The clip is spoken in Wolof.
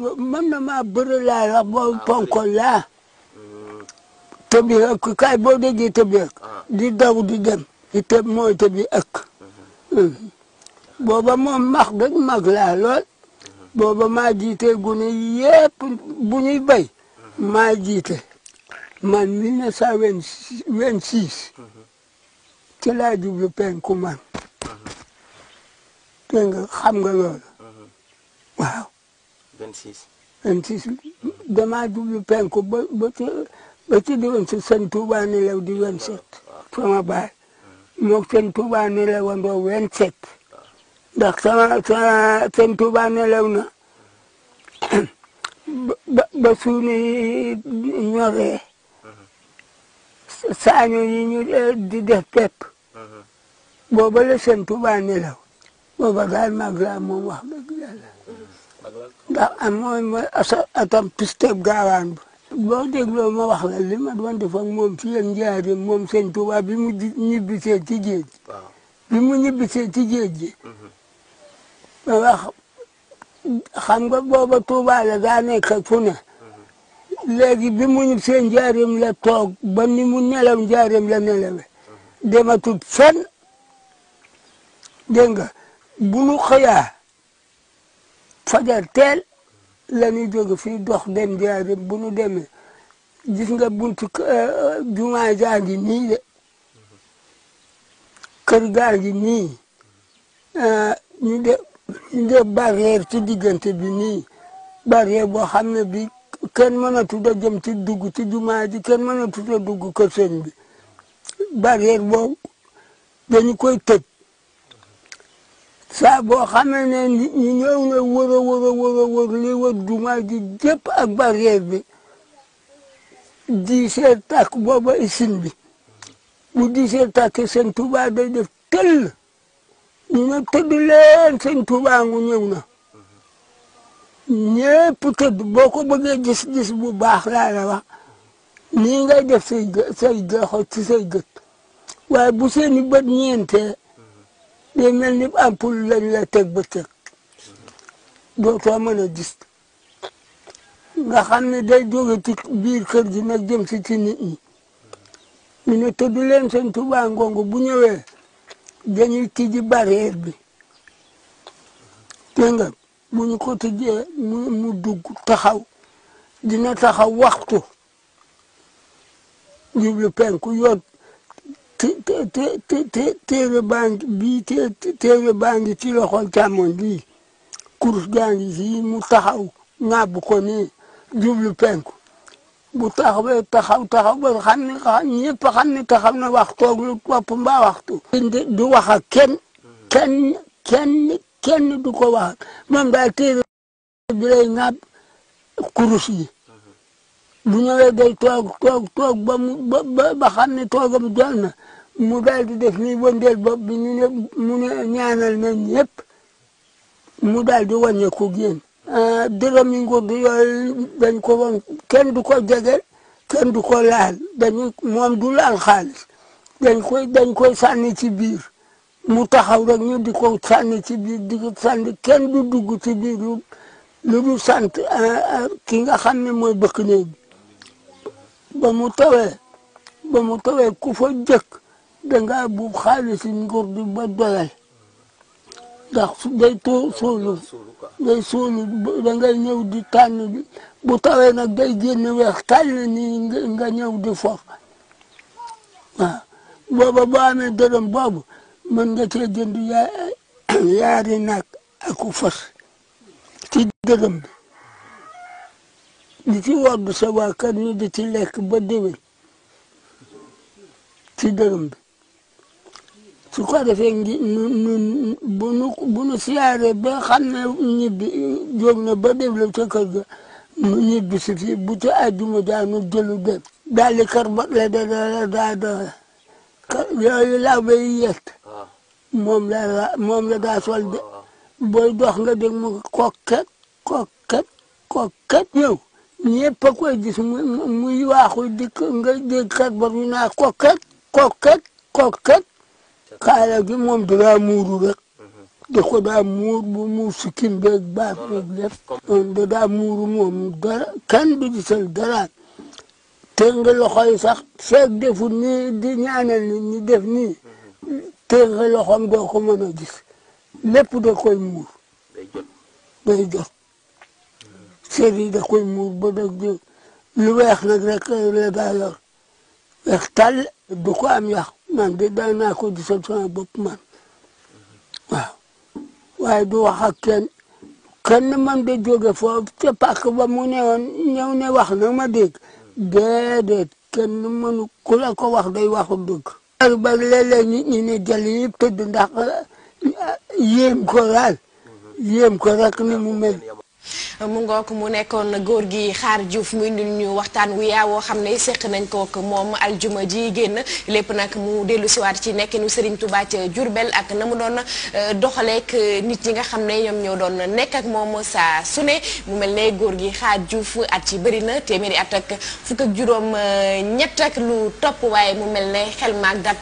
mën na maa bër laay wax boobu ponkol laa ëkk kaay boo déggee tëbi ëkk ah. di daw di dem di tëb mooy tëbi ëkk mhm. mm. booba moom max dëgg mag laa lool mhm. booba maa jiite gune yépp bu ñuy bay mhm. maa jiite man 1926 ci laa jublu penku man dégg nga xam nga loolu waaw 26. 26 damaa jublu penku ba ba ca ba ca diwoon di 27. sama baay hmm. moog sëñ Touba nelawandoo 27. Hmm. ndax sama sama sëñ Touba na hmm. ba ba suñuy ñoree. saañu yi ñu eh, di def pepp. booba la sëñ Touba nelaw. booba daal mag laa moom wax dëgg yàlla. ndax ah, am ah, mooy mooy atam piste gaawaan ba boo dégloo ma wax la li ma doon def moom ci yéen njaareem moom sëñ Tuubaa bi mu ñibbisee ci géej bi mu ñibbisee ci géej gi mm-hmm. ma wax nga booba Tuubaa la daa nekk fu ne mm-hmm. léegi bi mu ñibbisee njaareem la toog ba mu nelaw njaareem la nelawe mm-hmm. dematut fenn dégg nga bu nu xëyaa fajar teel la ñuy jóge fii dox dem jaaree bu nu demee gis nga buntu eh, jumaa jaa ngi nii de kër gaa ngi nii eh, ñu de ñu def barrière ci diggante bi nii barrière boo xam ne bi kenn mënatut a jëm ci dugg ci jumaa ji kenn mënatut a dugg kër sëñ bi barrière boobu dañu koy tëj. saa boo xamee ne nit ñi na wër a wër a wër a wër li ji jëpp ak barrière bi diisee tàkk booba isin bi bu diisee tàkk seen Tuubaa day def tëll ñu ne tëdd leen seen Tuubaa ngu ñëw na ñëpp tëdd boo ko bëggee gis-gis bu baax lala la wax nii ngay def say say joxo ci say gët waaye bu seeni bët day mel ni ampoule lañ la teg bëccëg dootoo mën a gis nga xam ne day jóge ci biir kër gi nag jëm si ci nit ñi ñu ne tudd leen sëñ Tuubaa Ngongu bu ñëwee dañuy tijji barrière bi dégg bu ñu ko tijjee mu mu dugg taxaw dina taxaw waxtu jublu penku yoon téere baa ngi bii téere baa ngi ci loxol càmmoñ bii kurus gaa ngi fii mu taxaw ŋàbb ko nii jublu penku bu taxawee taxaw taxaw ba xam ne taxaw na wax toog lu topp mbaa waxtu du wax ak kenn kenn kenn kenn du ko wax moom daal téere bi lay ŋàbb kurus yi bu ba mu ba ba xam ne toogam jël na mu daal di def ni wëndeel bopp bi ñu ne mu ne ñaanal nañ ñëpp mu daal di wàññeeku génn ah, dërëmi ngudd yooyu dañ ko woon kenn du ko jegel kenn du ko laal dañu moom du laal xaalis dañ koy dañ koy sànni ci biir mu taxaw rek ñu di ko sànni ci biir di ko sànni kenn du dugg ci biir lu lu sant ah, ah, ki nga xam ne mooy bëkk néeg bi ba mu tawee ba mu tawe kufo fa jëkk dangaa buub xaalisi nguur di ba doyal ndax day too soolu day soolu dangay ñëw di tànn bi bu tawee nag day génn weex tànn nii nga ñëw di for waaw booba boo dërëm boobu mën nga cee jënd yaari nag aku fas ci dërëm di ci wodd sa waa kër ñu di ci lekk ba déwén ci dërëm bi su ko defee ngi nu nu bu nu siyaaree ba xam ne ñibbi jóg na ba def la ca kër ga ñibbi si fii bu ca àjjuma daanu jëlu dem daal di kër ba la da da daa doxe yooyu laa bay moom la la sol de booy dox nga dégg mu kokket kokket kokket yow dikk nga kaala gi moom da ngaa muuru rek. da ko bu muur sikkim beeg baax beeg lépp. moom da daa muuru moom dara kenn du gisal daraat. teg nga loxo yi sax feeg deful nii ni def nii. teg nga loxoom doo gis. lépp da koy muur. day jot day yi da koy muur ba dag weex nag rek la daa yor weex am yàqu. man de daan naa ko gisal sama man waaw du wax ak kenn kenn man de jóge foofu ca pàkk ba mu ne woon wax na ma dégg déedéet kenn mënu ku la ko wax day waxu dëgg ar ba léeg-léeg nit ñi ne jël yëpp tëdd ndax ah, yéem ko ni mu mu ngook mu nekkoon góor gi xaar Diouf muy indil ñu waxtaan wu yaawoo xam ne seq nañ kook moom aljuma ji génn lépp nag mu dellu siwaat ci nekkinu Serigne Touba ak na mu doon euh, doxaleek nit ñi nga xam ne ñoom ñoo doon nekk ak moom saa su mu mel ne góor gi xaar Diouf at ci bëri na téeméeri at juróom euh, ñett ak lu topp waaye mu mel ne xel maag dat